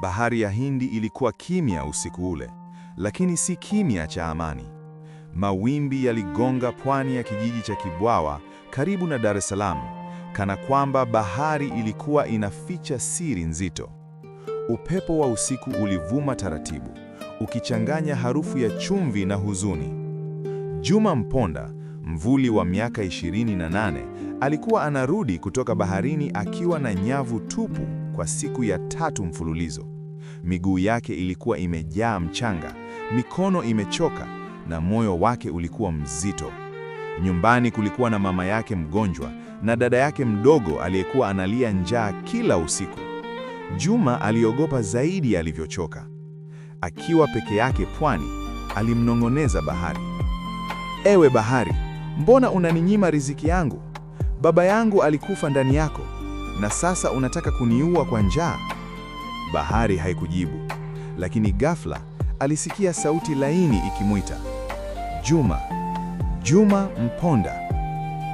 Bahari ya Hindi ilikuwa kimya usiku ule, lakini si kimya cha amani. Mawimbi yaligonga pwani ya kijiji cha Kibwawa karibu na Dar es Salaam, kana kwamba bahari ilikuwa inaficha siri nzito. Upepo wa usiku ulivuma taratibu, ukichanganya harufu ya chumvi na huzuni. Juma Mponda, mvuli wa miaka 28, alikuwa anarudi kutoka baharini akiwa na nyavu tupu kwa siku ya tatu mfululizo. Miguu yake ilikuwa imejaa mchanga, mikono imechoka na moyo wake ulikuwa mzito. Nyumbani kulikuwa na mama yake mgonjwa na dada yake mdogo aliyekuwa analia njaa kila usiku. Juma aliogopa zaidi alivyochoka. Akiwa peke yake pwani, alimnong'oneza bahari, ewe bahari, mbona unaninyima riziki yangu? Baba yangu alikufa ndani yako na sasa unataka kuniua kwa njaa? Bahari haikujibu, lakini ghafla alisikia sauti laini ikimwita, Juma, Juma Mponda.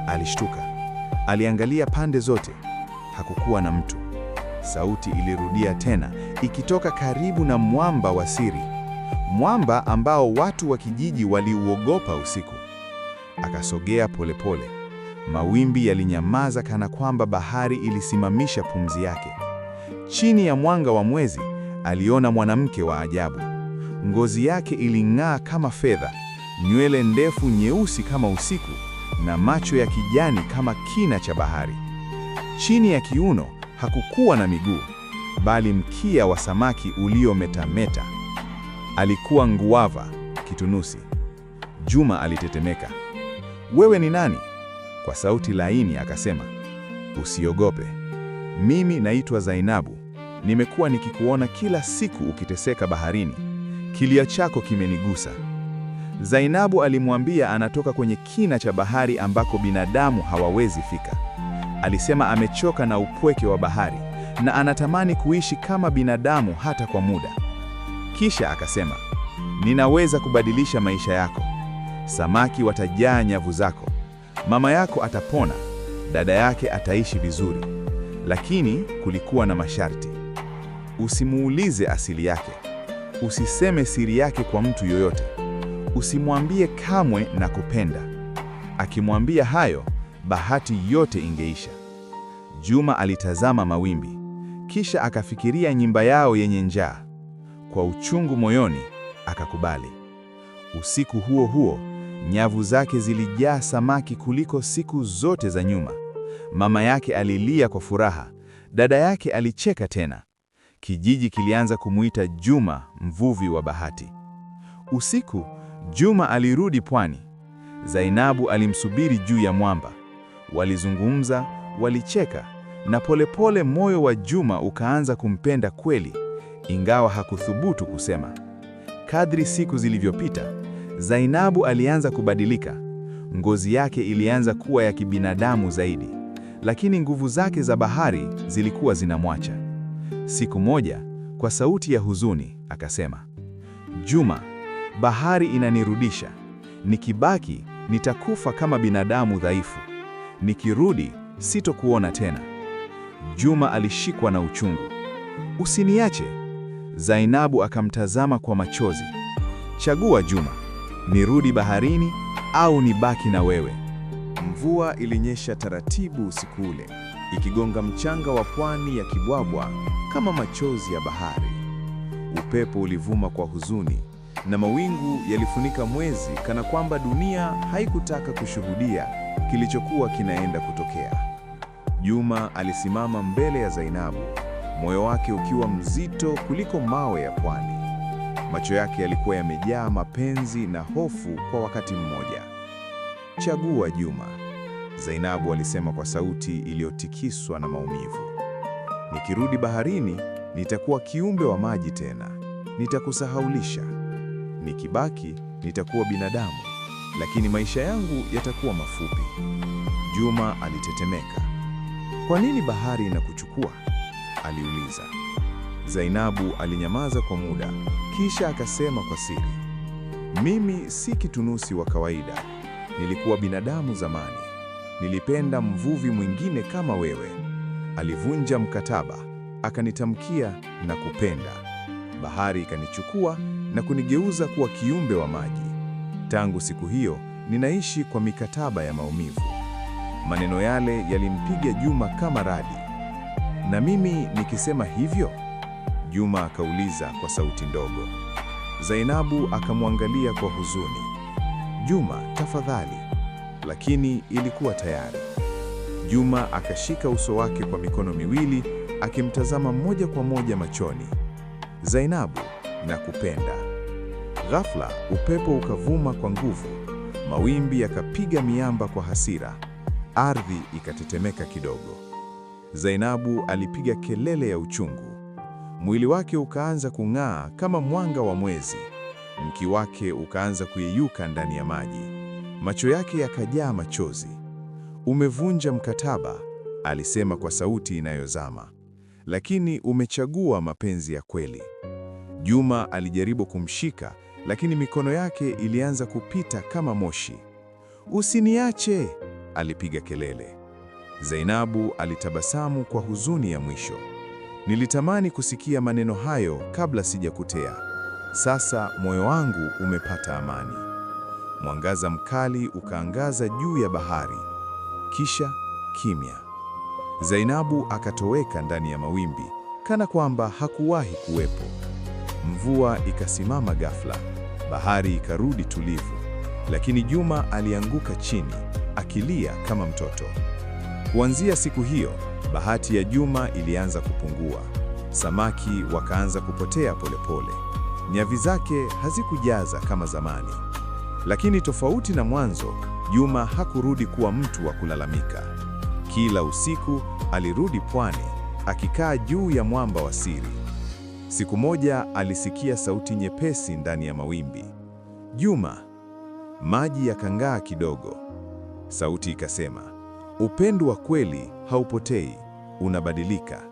Alishtuka, aliangalia pande zote, hakukuwa na mtu. Sauti ilirudia tena ikitoka karibu na mwamba wa siri, mwamba ambao watu wa kijiji waliuogopa usiku. Akasogea polepole pole. Mawimbi yalinyamaza kana kwamba bahari ilisimamisha pumzi yake. Chini ya mwanga wa mwezi, aliona mwanamke wa ajabu. Ngozi yake iling'aa kama fedha, nywele ndefu nyeusi kama usiku, na macho ya kijani kama kina cha bahari. Chini ya kiuno hakukuwa na miguu, bali mkia wa samaki uliometameta. Alikuwa nguava, kitunusi. Juma alitetemeka. Wewe ni nani? Kwa sauti laini akasema, usiogope, mimi naitwa Zainabu. Nimekuwa nikikuona kila siku ukiteseka baharini, kilio chako kimenigusa. Zainabu alimwambia anatoka kwenye kina cha bahari ambako binadamu hawawezi fika. Alisema amechoka na upweke wa bahari na anatamani kuishi kama binadamu hata kwa muda. Kisha akasema, ninaweza kubadilisha maisha yako, samaki watajaa nyavu zako, Mama yako atapona, dada yake ataishi vizuri, lakini kulikuwa na masharti. Usimuulize asili yake, usiseme siri yake kwa mtu yoyote, usimwambie kamwe na kupenda. Akimwambia hayo, bahati yote ingeisha. Juma alitazama mawimbi, kisha akafikiria nyumba yao yenye njaa. Kwa uchungu moyoni, akakubali. Usiku huo huo Nyavu zake zilijaa samaki kuliko siku zote za nyuma. Mama yake alilia kwa furaha, dada yake alicheka tena. Kijiji kilianza kumuita Juma mvuvi wa bahati. Usiku Juma alirudi pwani. Zainabu alimsubiri juu ya mwamba. Walizungumza, walicheka, na polepole moyo wa Juma ukaanza kumpenda kweli, ingawa hakuthubutu kusema. Kadri siku zilivyopita Zainabu alianza kubadilika. Ngozi yake ilianza kuwa ya kibinadamu zaidi, lakini nguvu zake za bahari zilikuwa zinamwacha. Siku moja, kwa sauti ya huzuni, akasema, Juma, bahari inanirudisha. Nikibaki nitakufa kama binadamu dhaifu. Nikirudi sitokuona tena. Juma alishikwa na uchungu. Usiniache. Zainabu akamtazama kwa machozi. Chagua Juma nirudi baharini au nibaki na wewe? Mvua ilinyesha taratibu usiku ule, ikigonga mchanga wa pwani ya Kibwabwa kama machozi ya bahari. Upepo ulivuma kwa huzuni na mawingu yalifunika mwezi, kana kwamba dunia haikutaka kushuhudia kilichokuwa kinaenda kutokea. Juma alisimama mbele ya Zainabu, moyo wake ukiwa mzito kuliko mawe ya pwani. Macho yake yalikuwa yamejaa mapenzi na hofu kwa wakati mmoja. Chagua Juma, Zainabu alisema kwa sauti iliyotikiswa na maumivu. Nikirudi baharini, nitakuwa kiumbe wa maji tena, nitakusahaulisha. Nikibaki, nitakuwa binadamu, lakini maisha yangu yatakuwa mafupi. Juma alitetemeka. Kwa nini bahari inakuchukua? aliuliza. Zainabu alinyamaza kwa muda, kisha akasema kwa siri, mimi si kitunusi wa kawaida, nilikuwa binadamu zamani, nilipenda mvuvi mwingine kama wewe. Alivunja mkataba, akanitamkia na kupenda. Bahari ikanichukua na kunigeuza kuwa kiumbe wa maji. Tangu siku hiyo ninaishi kwa mikataba ya maumivu. Maneno yale yalimpiga Juma kama radi, na mimi nikisema hivyo Juma akauliza kwa sauti ndogo. Zainabu akamwangalia kwa huzuni. Juma, tafadhali. Lakini ilikuwa tayari. Juma akashika uso wake kwa mikono miwili akimtazama moja kwa moja machoni. Zainabu, nakupenda. Ghafla upepo ukavuma kwa nguvu, mawimbi yakapiga miamba kwa hasira, ardhi ikatetemeka kidogo. Zainabu alipiga kelele ya uchungu. Mwili wake ukaanza kung'aa kama mwanga wa mwezi, mki wake ukaanza kuyeyuka ndani ya maji, macho yake yakajaa machozi. Umevunja mkataba, alisema kwa sauti inayozama, lakini umechagua mapenzi ya kweli. Juma alijaribu kumshika, lakini mikono yake ilianza kupita kama moshi. Usiniache, alipiga kelele. Zainabu alitabasamu kwa huzuni ya mwisho. Nilitamani kusikia maneno hayo kabla sijakutea. Sasa moyo wangu umepata amani. Mwangaza mkali ukaangaza juu ya bahari, kisha kimya. Zainabu akatoweka ndani ya mawimbi kana kwamba hakuwahi kuwepo. Mvua ikasimama ghafla, bahari ikarudi tulivu, lakini Juma alianguka chini akilia kama mtoto. Kuanzia siku hiyo bahati ya Juma ilianza kupungua. Samaki wakaanza kupotea polepole pole. Nyavi zake hazikujaza kama zamani, lakini tofauti na mwanzo, Juma hakurudi kuwa mtu wa kulalamika. Kila usiku alirudi pwani, akikaa juu ya mwamba wa siri. Siku moja alisikia sauti nyepesi ndani ya mawimbi, Juma. Maji yakang'aa kidogo, sauti ikasema Upendo wa kweli haupotei, unabadilika.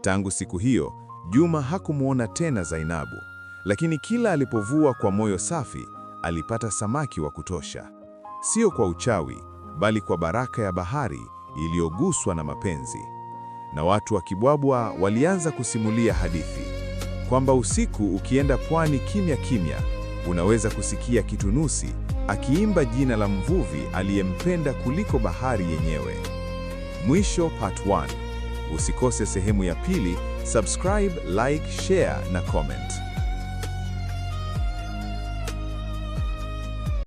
Tangu siku hiyo, Juma hakumwona tena Zainabu, lakini kila alipovua kwa moyo safi, alipata samaki wa kutosha. Sio kwa uchawi, bali kwa baraka ya bahari iliyoguswa na mapenzi. Na watu wa Kibwabwa walianza kusimulia hadithi kwamba usiku ukienda pwani kimya kimya, unaweza kusikia kitunusi akiimba jina la mvuvi aliyempenda kuliko bahari yenyewe. Mwisho part 1. Usikose sehemu ya pili, subscribe, like, share na comment.